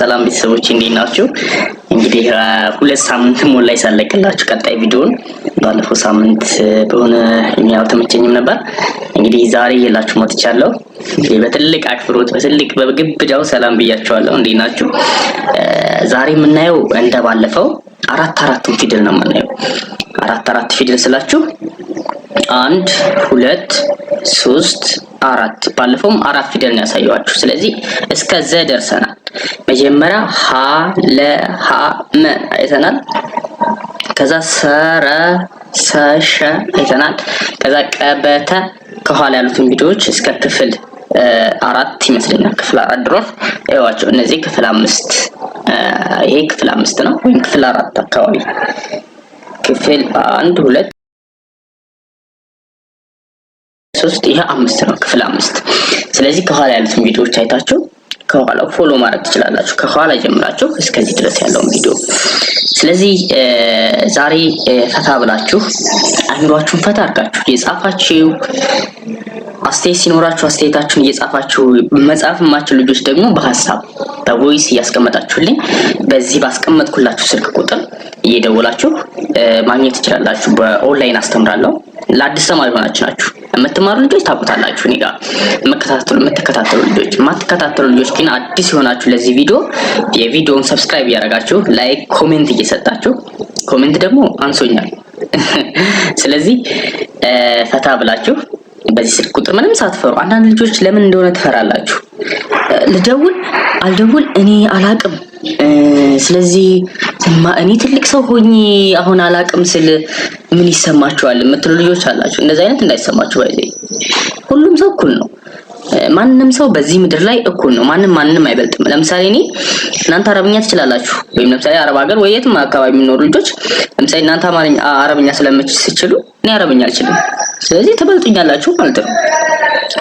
ሰላም ቤተሰቦች እንዴት ናችሁ? እንግዲህ ሁለት ሳምንት ላይ ሳለቅላችሁ ቀጣይ ቪዲዮን ባለፈው ሳምንት በሆነ የሚያው ተመቸኝም ነበር። እንግዲህ ዛሬ እየላችሁ መጥቻለሁ። በትልቅ አክብሮት በትልቅ በግብዳው ሰላም ብያችኋለሁ። እንዴት ናችሁ? ዛሬ የምናየው እንደ ባለፈው አራት አራቱን ፊደል ነው የምናየው። አራት አራት ፊደል ስላችሁ አንድ ሁለት ሶስት አራት ባለፈውም አራት ፊደል ነው ያሳየዋችሁ። ስለዚህ እስከ ዘ ደርሰናል። መጀመሪያ ሀ ለ ሀ መ አይተናል። ከዛ ሰረ ሰሸ አይተናል። ከዛ ቀበተ ከኋላ ያሉትን ቪዲዮዎች እስከ ክፍል አራት ይመስለኛል ክፍል አራት ድሮፍ እዋቸው እነዚህ ክፍል አምስት ይሄ ክፍል አምስት ነው ወይም ክፍል አራት አካባቢ ክፍል አንድ ሁለት ሶስት ይሄ አምስት ነው ክፍል አምስት ስለዚህ ከኋላ ያሉትን ቪዲዮዎች አይታችሁ ከኋላ ፎሎ ማድረግ ትችላላችሁ። ከኋላ ጀምራችሁ እስከዚህ ድረስ ያለውን ቪዲዮ። ስለዚህ ዛሬ ፈታ ብላችሁ አእምሯችሁን ፈታ አድርጋችሁ የጻፋችሁ አስተያየት ሲኖራችሁ አስተያየታችሁን እየጻፋችሁ መጻፍ የማችሁ ልጆች ደግሞ በሀሳብ በቮይስ እያስቀመጣችሁልኝ በዚህ ባስቀመጥኩላችሁ ስልክ ቁጥር እየደወላችሁ ማግኘት ትችላላችሁ። በኦንላይን አስተምራለሁ። ለአዲስ ተማሪ ሆናችሁ ናችሁ የምትማሩ ልጆች ታውቁታላችሁ። እኔ ጋር የምትከታተሉ ልጆች፣ የማትከታተሉ ልጆች ግን አዲስ የሆናችሁ ለዚህ ቪዲዮ የቪዲዮውን ሰብስክራይብ እያደረጋችሁ ላይክ፣ ኮሜንት እየሰጣችሁ ኮሜንት ደግሞ አንሶኛል። ስለዚህ ፈታ ብላችሁ በዚህ ስልክ ቁጥር ምንም ሳትፈሩ። አንዳንድ ልጆች ለምን እንደሆነ ትፈራላችሁ። ልደውል አልደውል እኔ አላቅም። ስለዚህ እኔ ትልቅ ሰው ሆኜ አሁን አላቅም ስል ምን ይሰማችኋል የምትሉ ልጆች አላችሁ። እንደዚህ አይነት እንዳይሰማችሁ ባይዘ ሁሉም ሰው እኩል ነው። ማንም ሰው በዚህ ምድር ላይ እኩል ነው። ማንም ማንም አይበልጥም። ለምሳሌ እኔ እናንተ አረብኛ ትችላላችሁ፣ ወይም ለምሳሌ አረብ ሀገር ወይ የትም አካባቢ የሚኖሩ ልጆች ለምሳሌ እናንተ አረብኛ ስችሉ እኔ አረብኛ አልችልም። ስለዚህ ትበልጡኛላችሁ ማለት ነው።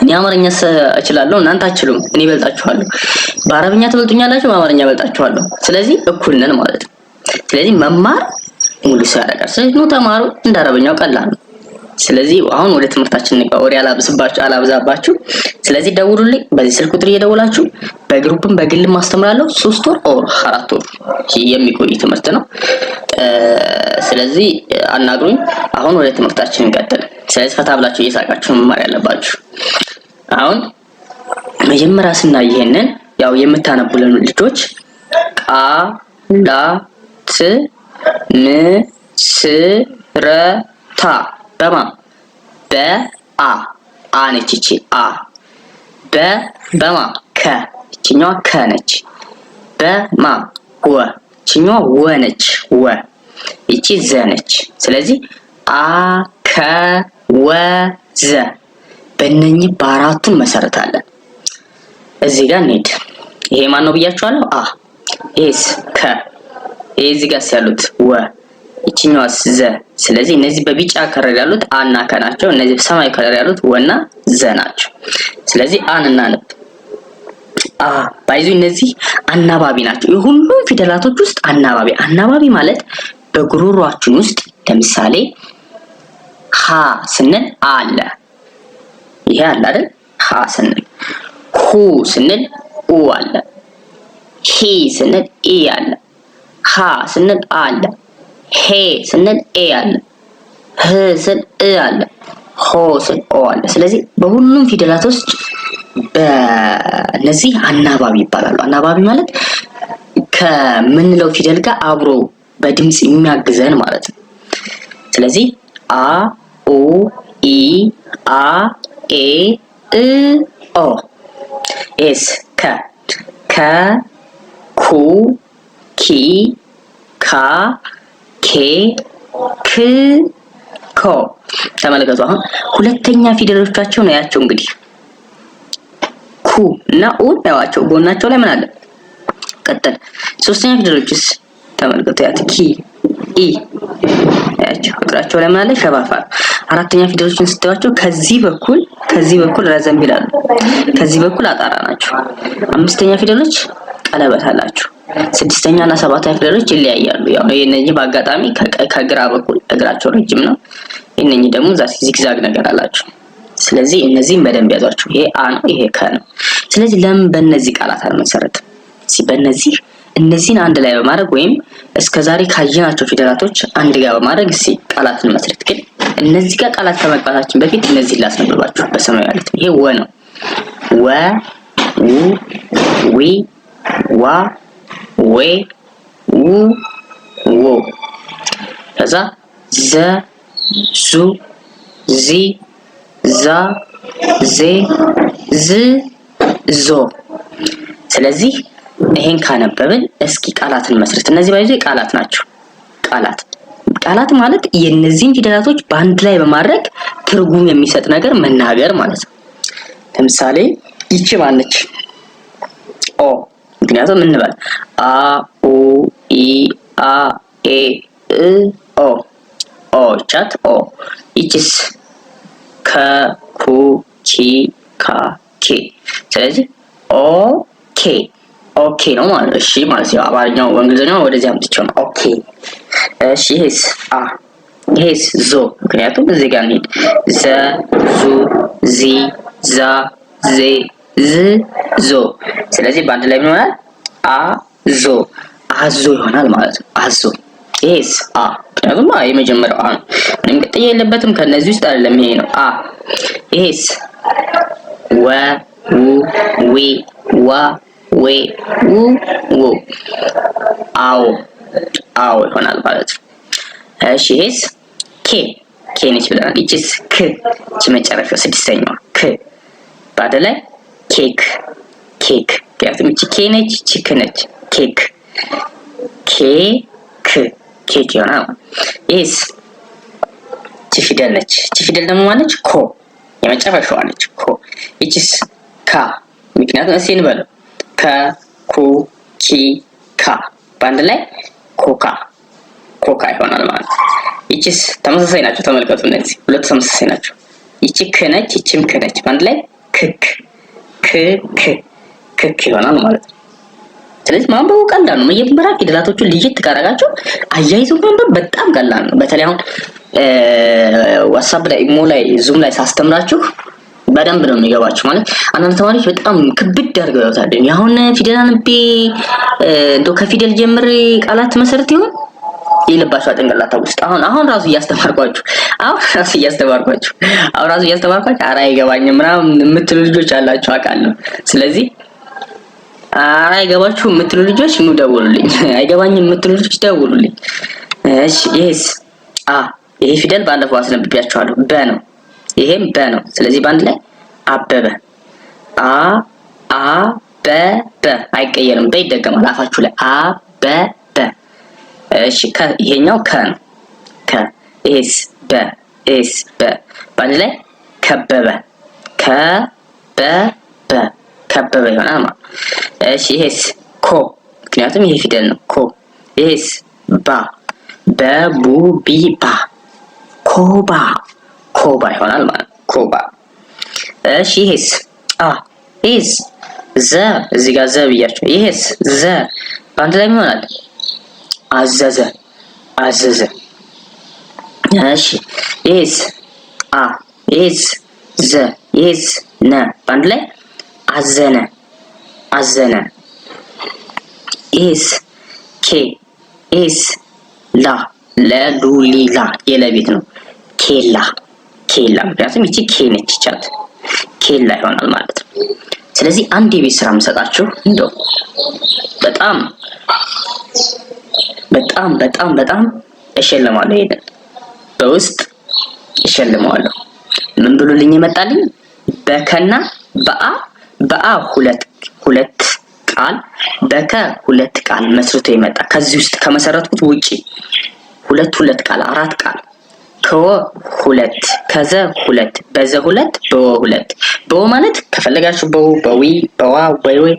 እኔ አማርኛ እችላለሁ፣ እናንተ አችሉም፣ እኔ እበልጣችኋለሁ። በአረብኛ ትበልጡኛላችሁ፣ በአማርኛ እበልጣችኋለሁ። ስለዚህ እኩል ነን ማለት ነው። ስለዚህ መማር ሙሉ ሰው ያደርጋል። ስለዚህ ኑ ተማሩ፣ እንደ አረበኛው ቀላል ነው። ስለዚህ አሁን ወደ ትምህርታችን ወደ አላብዛባችሁ ስለዚህ ደውሉልኝ። በዚህ ስልክ ቁጥር እየደወላችሁ በግሩፕም በግልም አስተምራለሁ። ሶስት ወር ኦር አራት ወር የሚቆይ ትምህርት ነው። ስለዚህ አናግሩኝ። አሁን ወደ ትምህርታችን እንቀጥል። ስለዚህ ፈታ ብላችሁ እየሳቃችሁ መማር ያለባችሁ አሁን መጀመሪያ ስና ይሄንን ያው የምታነቡልን ልጆች ቃላት ምስረታ በማ በአ አነች አ በ በማ ከ ይችኛዋ ከ ነች። በማ ወ ይችኛዋ ወ ነች። ወ ይቺ ዘ ነች። ስለዚህ አ ከ ወ ዘ በእነኚህ በአራቱን መሰረታለን። እዚህ ጋር እንሂድ። ይሄ ማን ነው ብያችኋለሁ? አ ይሄስ ከ ይሄ እዚህ ጋር ያሉት ወ ይችኛዋስ ዘ። ስለዚህ እነዚህ በቢጫ ከረር ያሉት አና ከ ናቸው። እነዚህ በሰማያዊ ከረር ያሉት ወና ዘ ናቸው። ስለዚህ አን እናነብ አ ባይዙ እነዚህ አናባቢ ናቸው። የሁሉም ፊደላቶች ውስጥ አናባቢ አናባቢ ማለት በጉሮሯችን ውስጥ ለምሳሌ ሀ ስንል አለ ይሄ አለ አይደል? ሀ ስንል ሁ ስንል ኡ አለ ሂ ስንል ኢ አለ ሀ ስንል አለ ሄ ስንል ኤ አለ፣ ህ ስን እ አለ፣ ሆ ስል ኦ አለ። ስለዚህ በሁሉም ፊደላት ውስጥ በእነዚህ አናባቢ ይባላሉ። አናባቢ ማለት ከምንለው ፊደል ጋር አብሮ በድምፅ የሚያግዘን ማለት ነው። ስለዚህ አ ኡ ኢ አ ኤ እ ኦ ኤስ ከ ከ ኩ ኪ ካ ኬ ክ ኮ ተመለከቱ። አሁን ሁለተኛ ፊደሎቻቸው ነው ያቸው እንግዲህ ኩ እና ኡ ያዋቸው ጎናቸው ላይ ምን አለ? ቀጠል። ሶስተኛ ፊደሎችስ ተመልከቱ። ያት ኪ ኢ ያቸው እግራቸው ላይ ምን አለ? ሸፋፋ። አራተኛ ፊደሎችን ስትዋቸው ከዚህ በኩል ከዚህ በኩል ረዘም ይላሉ። ከዚህ በኩል አጣራ ናቸው። አምስተኛ ፊደሎች ቀለበት አላቸው። ስድስተኛ እና ሰባተኛ ፊደሎች ይለያያሉ። ያው የእነዚህ በአጋጣሚ ከግራ በኩል እግራቸው ረጅም ነው። የነኚህ ደግሞ ዛ ዚግዛግ ነገር አላቸው። ስለዚህ እነዚህም በደንብ ያዟቸው። ይሄ አ ነው፣ ይሄ ከ ነው። ስለዚህ ለምን በእነዚህ ቃላት አልመሰረትም? በእነዚህ እነዚህን አንድ ላይ በማድረግ ወይም እስከ ዛሬ ካየናቸው ፊደላቶች አንድ ጋር በማድረግ እስኪ ቃላትን መስረት። ግን እነዚህ ጋር ቃላት ከመግባታችን በፊት እነዚህን ላስነብባችሁ። በሰማያዊ ያሉት ይሄ ወ ነው። ወ ው ዊ ዋ ወይ ው ዎ ከዛ ዘ ዙ ዚ ዛ ዜ ዝ ዞ ስለዚህ ይሄን ካነበብን እስኪ ቃላትን መስረት። እነዚህ ባይዞ ቃላት ናቸው። ቃላት ቃላት ማለት የነዚህን ፊደላቶች በአንድ ላይ በማድረግ ትርጉም የሚሰጥ ነገር መናገር ማለት ነው። ለምሳሌ ይቺ ማነች? ኦ ምክንያቱም እንበል አ ኡ ኢ አ ኤ እ ኦ ኦ ቻት ኦ ይቺስ ከ ኩ ኪ ካ ኬ ስለዚህ ኦ ኬ ኦኬ ነው ማለት እሺ ማለት ነው። አማርኛው በእንግሊዝኛው ወደዚህ አምጥቼው ነው ኦኬ። እሺ ይሄስ አ ይሄስ ዞ ምክንያቱም እዚህ ጋር እንሂድ ዘ ዙ ዚ ዛ ዜ ዝ ዞ። ስለዚህ በአንድ ላይ ምን ይሆናል? አ ዞ አዞ ይሆናል ማለት ነው። አዞ ኤስ አ ምክንያቱም አ የመጀመሪያው አ ነው። ምንም ቅጥያ የለበትም። ከነዚህ ውስጥ አይደለም። ይሄ ነው አ ኤስ ወ ው ዌ ወ ዌ ው ው አዎ አዎ ይሆናል ማለት ነው። እሺ ኤስ ኬ ኬ ነች ብለናል። ይቺስ ክ ይቺ መጨረሻው ስድስተኛው ክ ባደ ላይ ኬክ ኬክ ምክንያቱም ቺ ኬ ነች ቺክ ነች ኬክ ኬክ ኬክ ይሆናል። ኤስ ቺ ፊደል ነች። ቺ ፊደል ደግሞ ማለች ኮ የመጨረሻዋ ነች ኮ። ይቺስ ካ ምክንያቱም እስኪ እንበለው ከ ኩ ኪ ካ በአንድ ላይ ኮካ ኮካ ይሆናል ማለት ነው። ይቺስ ተመሳሳይ ናቸው። ተመልከቱ እነዚህ ሁለቱ ተመሳሳይ ናቸው። ይቺ ክ ይቺም ክ በአንድ ላይ ክክ ክክ ክክ ይሆናል ማለት ነው። ስለዚህ ማንበቡ ቀላል ነው። መጀመሪያ ፊደላቶቹን ልየት ካረጋቸው አያይዞ ማንበብ በጣም ቀላል ነው። በተለይ አሁን ዋትሳፕ ላይ፣ ኢሞ ላይ፣ ዙም ላይ ሳስተምራችሁ በደንብ ነው የሚገባችሁ። ማለት አንዳንድ ተማሪዎች በጣም ክብድ አድርገው ያወጣሉ። ያሁን ፊደል አንቤ እንደው ከፊደል ጀምሬ ቃላት መሰረት ይሆን የልባችሁ አጭንቅላታ ውስጥ አሁን አሁን ራሱ እያስተማርኳችሁ አሁን ራሱ እያስተማርኳችሁ አሁን ራሱ እያስተማርኳችሁ ኧረ አይገባኝም ምናምን የምትሉ ልጆች አላችሁ አውቃለሁ። ስለዚህ ኧረ አይገባችሁ የምትሉ ልጆች ኑ ደውሉልኝ። አይገባኝም የምትሉ ልጆች ደውሉልኝ። እሺ ይሄስ አ ይሄ ፊደል ባለፈው አስነብቤያችኋለሁ። በ ነው ይሄም በ ነው። ስለዚህ በአንድ ላይ አበበ አ አ በ በ አይቀየርም። በ ይደገማል አፋችሁ ላይ አ በ እሺ ከ ይሄኛው ከ ከ ኤስ በ ኤስ በ በአንድ ላይ ከበበ ከበበ ከበበ ይሆናል ማለት እሺ። ይሄስ ኮ ምክንያቱም ይሄ ፊደል ነው ኮ። ይሄስ ባ በቡ ቢ ባ ኮባ ኮባ ይሆናል ማለት ኮባ። እሺ። ይሄስ አ ኢዝ ዘ እዚህ ጋር ዘ ብያቸው። ይሄስ ዘ በአንድ ላይ ይሆናል አዘዘ አዘዘ። እሺ ይሄስ አ ይሄስ ዘ ይሄስ ነ በአንድ ላይ አዘነ አዘነ። ይሄስ ኬ ይሄስ ላ ለሉሊላ የለቤት ነው። ኬላ ኬላ። ምክንያቱም ይቺ ኬ ነች ይቻት ኬላ ይሆናል ማለት ነው። ስለዚህ አንድ የቤት ስራ የምሰጣችሁ እንደው በጣም በጣም በጣም በጣም እሸልማለሁ። ይሄንን በውስጥ እሸልመዋለሁ። ምን ብሎልኝ ይመጣልኝ? በከና በአ በአ ሁለት ሁለት ቃል በከ ሁለት ቃል መስርቶ ይመጣ። ከዚህ ውስጥ ከመሰረትኩት ውጪ ሁለት ሁለት ቃል አራት ቃል ከወ ሁለት ከዘ ሁለት በዘ ሁለት በወ ሁለት በወ ማለት ከፈለጋችሁ በው በዊ በዋ ወይ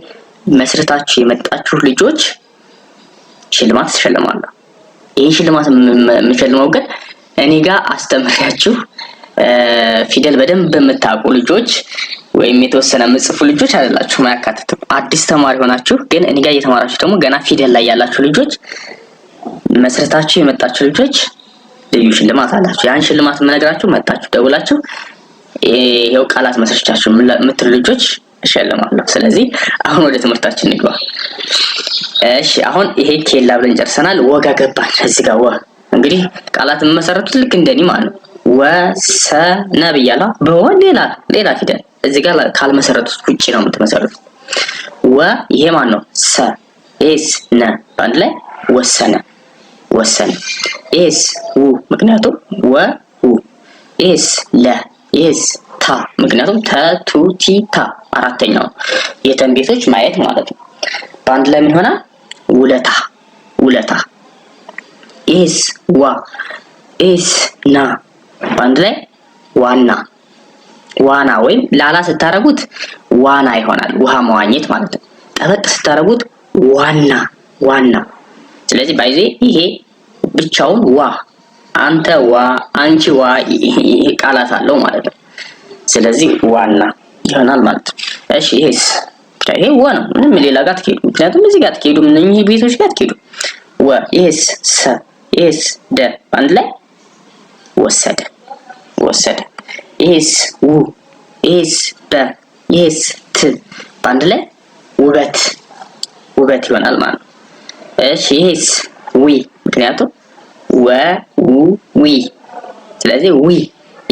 መስርታችሁ የመጣችሁ ልጆች ሽልማት ትሸልማለሁ። ይህ ሽልማት የምሸልመው ግን እኔ ጋር አስተምሪያችሁ ፊደል በደንብ የምታውቁ ልጆች ወይም የተወሰነ የምጽፉ ልጆች አይደላችሁም፣ አያካትትም። አዲስ ተማሪ ሆናችሁ ግን እኔ ጋር እየተማራችሁ ደግሞ ገና ፊደል ላይ ያላችሁ ልጆች መስረታችሁ የመጣችሁ ልጆች ልዩ ሽልማት አላችሁ። ያን ሽልማት የምነግራችሁ መጣችሁ ደውላችሁ ይኸው ቃላት መስረቻችሁ የምትሉ ልጆች እሸልማለሁ። ስለዚህ አሁን ወደ ትምህርታችን እንግባ። እሺ አሁን ይሄ ኬላ ብለን ጨርሰናል። ወጋ ገባን። እዚህ ጋር ወ እንግዲህ ቃላት የምመሰረቱት ልክ እንደኔ ማለት ነው። ወሰነ ብያለሁ። በወ ሌላ ሌላ ፊደል እዚህ ጋር ካልመሰረቱት ውጭ ነው የምትመሰረቱት። ወ ይሄ ማን ነው? ሰ ኤስ ነ በአንድ ላይ ወሰነ ወሰነ። ኤስ ው ምክንያቱም ወ ው ኤስ ለ ኤስ ታ ምክንያቱም ታ አራተኛው የተን ቤቶች ማየት ማለት ነው። በአንድ ላይ ምን ሆነ? ውለታ ውለታ። ኤስ ዋ ኤስ ና በአንድ ላይ ዋና ዋና ወይም ላላ ስታረጉት ዋና ይሆናል። ውሃ መዋኘት ማለት ነው። ጠበቅ ስታረጉት ዋና ዋና። ስለዚህ ባይዜ ይሄ ብቻውን ዋ አንተ ዋ አንቺ ዋ ቃላት አለው ማለት ነው። ስለዚህ ዋና ይሆናል ማለት ነው። እሺ ይሄስ ይሄ ወ ነው። ምንም ሌላ ጋር አትሄዱ፣ ምክንያቱም እዚህ ጋር አትሄዱ፣ እነኚህ ቤቶች ጋር አትሄዱ። ወ ይሄስ ሰ ይሄስ ደ አንድ ላይ ወሰደ ወሰደ። ይሄስ ው ይሄስ በ ይሄስ ት በአንድ ላይ ውበት ውበት ይሆናል ማለት ነው። እሺ ይሄስ ዊ ምክንያቱም ወ ው ዊ ስለዚህ ዊ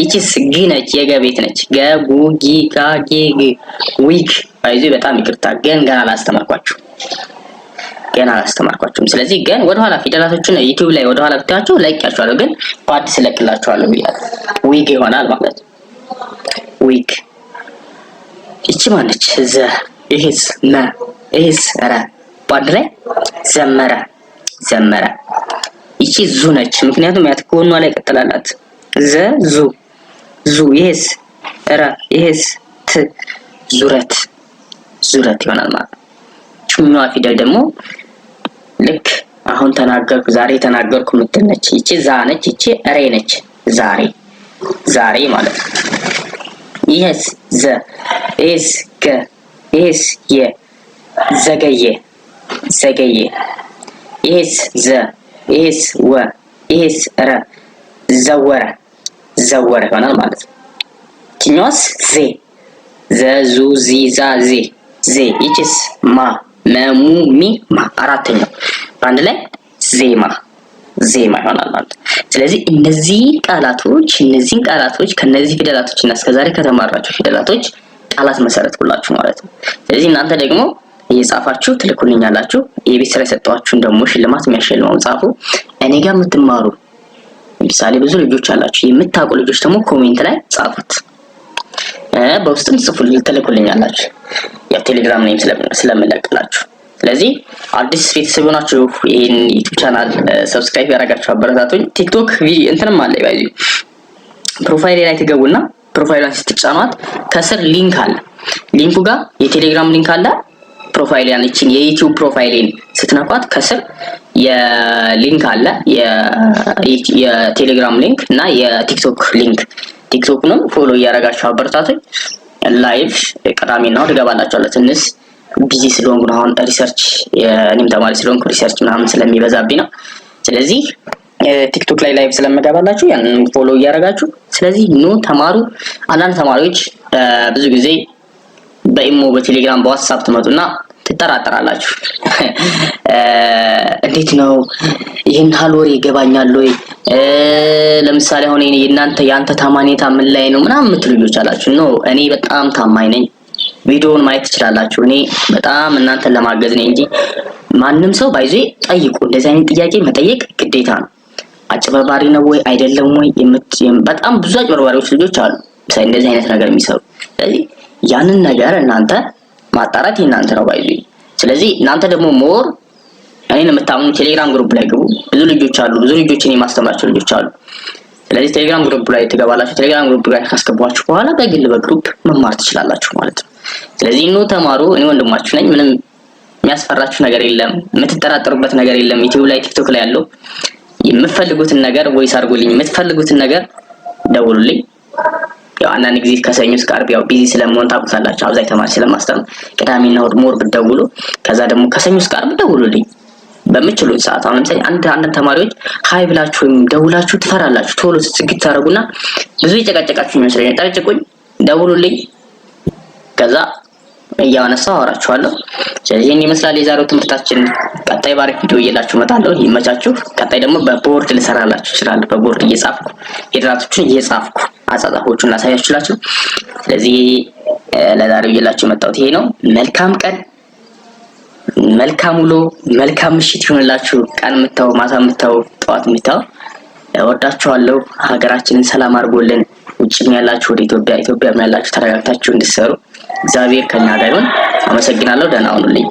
ይቺስ ግ ነች፣ የገቤት ነች። ገ ጉ ጊ ጋ ጌ ግ ዊግ አይዙ። በጣም ይቅርታ ገን ገና አላስተማርኳችሁ ገና አላስተማርኳችሁም። ስለዚህ ገን ወደኋላ ፊደላቶችን ዩቲዩብ ላይ ወደኋላ ብታያቸው ለቅያችኋለሁ፣ ግን በአዲስ ለቅላችኋለሁ ብያል። ዊግ ይሆናል ማለት ነው። ዊግ ይቺ ማነች? ዘ ይሄስ መ ይሄስ ረ በአንድ ላይ ዘመረ ዘመረ። ይቺ ዙ ነች፣ ምክንያቱም ያት ጎኗ ላይ ቀጥላላት ዘ ዙ ዙ ይሄስ ረ ይሄስ ት ዙረት ዙረት ይሆናል ማለት ነው። ጩኛዋ ፊደል ደግሞ ልክ አሁን ተናገርኩ ዛሬ ተናገርኩ የምትል ነች። ይቺ ዛ ነች። ይቺ ሬ ነች። ዛሬ ዛሬ ማለት ነው። ይሄስ ዘ ይሄስ ገ ይሄስ የ ዘገየ ዘገየ ይሄስ ዘ ይሄስ ወ ይሄስ ረ ዘወረ የሚዘወር ይሆናል ማለት ነው። ችኛዋስ ዜ ዘ ዙ ዚ ዛ ዜ ዜ ይችስ ማ መሙ ሚ ማ አራተኛው በአንድ ላይ ዜማ ዜማ ይሆናል ማለት ነው። ስለዚህ እነዚህ ቃላቶች እነዚህን ቃላቶች ከነዚህ ፊደላቶች እና እስከዛሬ ከተማራችሁ ፊደላቶች ቃላት መሰረት ሁላችሁ ማለት ነው። ስለዚህ እናንተ ደግሞ እየጻፋችሁ ትልኩልኛላችሁ። የቤት ስራ የሰጠኋችሁን ደግሞ ሽልማት የሚያሸልመውን ጻፉ። እኔ ጋር የምትማሩ ለምሳሌ ብዙ ልጆች አላችሁ። የምታውቁ ልጆች ደግሞ ኮሜንት ላይ ጻፉት፣ በውስጥም ጽፉ፣ ልትልኩልኛላችሁ ያው ቴሌግራም ላይም ስለምለቅላችሁ። ስለዚህ አዲስ ቤተሰብ የሆናችሁ ይህን ዩቱብ ቻናል ሰብስክራይብ ያደረጋችሁ አበረታቱኝ። ቲክቶክ እንትንም አለ ይባዚ ፕሮፋይል ላይ ትገቡና ፕሮፋይሏን ስትጫኗት ከስር ሊንክ አለ። ሊንኩ ጋር የቴሌግራም ሊንክ አለ። ፕሮፋይል ያለችን የዩቲዩብ ፕሮፋይሌን ስትነኳት ከስር የሊንክ አለ የቴሌግራም ሊንክ እና የቲክቶክ ሊንክ። ቲክቶክንም ፎሎ እያደረጋችሁ አበረታቶች ላይቭ ቅዳሜና ና እገባላችኋለሁ። ትንሽ ቢዚ ስለሆንኩ ነው። አሁን ሪሰርች እኔም ተማሪ ስለሆንኩ ሪሰርች ምናምን ስለሚበዛብኝ ነው። ስለዚህ ቲክቶክ ላይ ላይቭ ስለምገባላችሁ ያንን ፎሎ እያደረጋችሁ ስለዚህ ኑ ተማሩ። አንዳንድ ተማሪዎች ብዙ ጊዜ በኢሞ፣ በቴሌግራም፣ በዋትሳፕ ትመጡና ትጠራጠራላችሁ። እንዴት ነው ይህን ሀል ወሬ ይገባኛል ወይ? ለምሳሌ አሁን የእናንተ የአንተ ታማኝነት ምን ላይ ነው ምናምን የምትሉ ልጆች አላችሁ። ኖ እኔ በጣም ታማኝ ነኝ። ቪዲዮውን ማየት ትችላላችሁ። እኔ በጣም እናንተን ለማገዝ ነኝ እንጂ ማንም ሰው ባይዜ ጠይቁ። እንደዚህ አይነት ጥያቄ መጠየቅ ግዴታ ነው። አጭበርባሪ ነው ወይ አይደለም ወይ? በጣም ብዙ አጭበርባሪዎች ልጆች አሉ እንደዚህ አይነት ነገር የሚሰሩ ስለዚህ ያንን ነገር እናንተ ማጣራት የእናንተ ነው ባይዜ ስለዚህ እናንተ ደግሞ ሞር እኔን የምታምኑ ቴሌግራም ግሩፕ ላይ ግቡ። ብዙ ልጆች አሉ፣ ብዙ ልጆችን የማስተምራቸው ልጆች አሉ። ስለዚህ ቴሌግራም ግሩፕ ላይ ትገባላችሁ። ቴሌግራም ግሩፕ ላይ ካስገቧችሁ በኋላ በግል በግሩፕ መማር ትችላላችሁ ማለት ነው። ስለዚህ ኑ ተማሩ። እኔ ወንድማችሁ ነኝ። ምንም የሚያስፈራችሁ ነገር የለም፣ የምትጠራጠሩበት ነገር የለም። ዩቲዩብ ላይ ቲክቶክ ላይ ያለው የምትፈልጉትን ነገር ወይስ አድርጉልኝ፣ የምትፈልጉትን ነገር ደውሉልኝ። ያው አንዳንድ ጊዜ ከሰኞ እስከ ዓርብ ያው ቢዚ ስለመሆን ታውቁታላችሁ። አብዛኝ ተማሪ ስለማስተምር ቅዳሜና እሑድ ሞር ብትደውሉ፣ ከዛ ደግሞ ከሰኞ እስከ ዓርብ ደውሉልኝ በምችሉት ሰዓት። አሁን ለምሳሌ አንድ አንዳንድ ተማሪዎች ሀይ ብላችሁ ወይም ደውላችሁ ትፈራላችሁ። ቶሎ ስግት ታደርጉና ብዙ የጨቃጨቃችሁ ይመስለኛል። ጠርጭቁኝ፣ ደውሉልኝ፣ ከዛ እያነሳው አወራችኋለሁ። ስለዚህ ይህን ይመስላል የዛሬው ትምህርታችን። ቀጣይ ባሪክ ቪዲዮ እየላችሁ እመጣለሁ። ይመቻችሁ። ቀጣይ ደግሞ በቦርድ ልሰራላችሁ እችላለሁ። በቦርድ እየጻፍኩ የድራቶችን እየጻፍኩ አጻጻፎቹን ላሳያችሁ ስለዚህ ለዛሬው ይዤላችሁ የመጣሁት ይሄ ነው። መልካም ቀን፣ መልካም ውሎ፣ መልካም ምሽት ይሁንላችሁ። ቀን ምታው ማታ ምታው ጠዋት የምታው። ወዳችኋለሁ። ሀገራችንን ሰላም አድርጎልን ውጭም ያላችሁ ወደ ኢትዮጵያ ኢትዮጵያም ያላችሁ ተረጋግታችሁ እንድትሰሩ እግዚአብሔር ከኛ ጋር ይሁን። አመሰግናለሁ። ደህና ሁኑልኝ።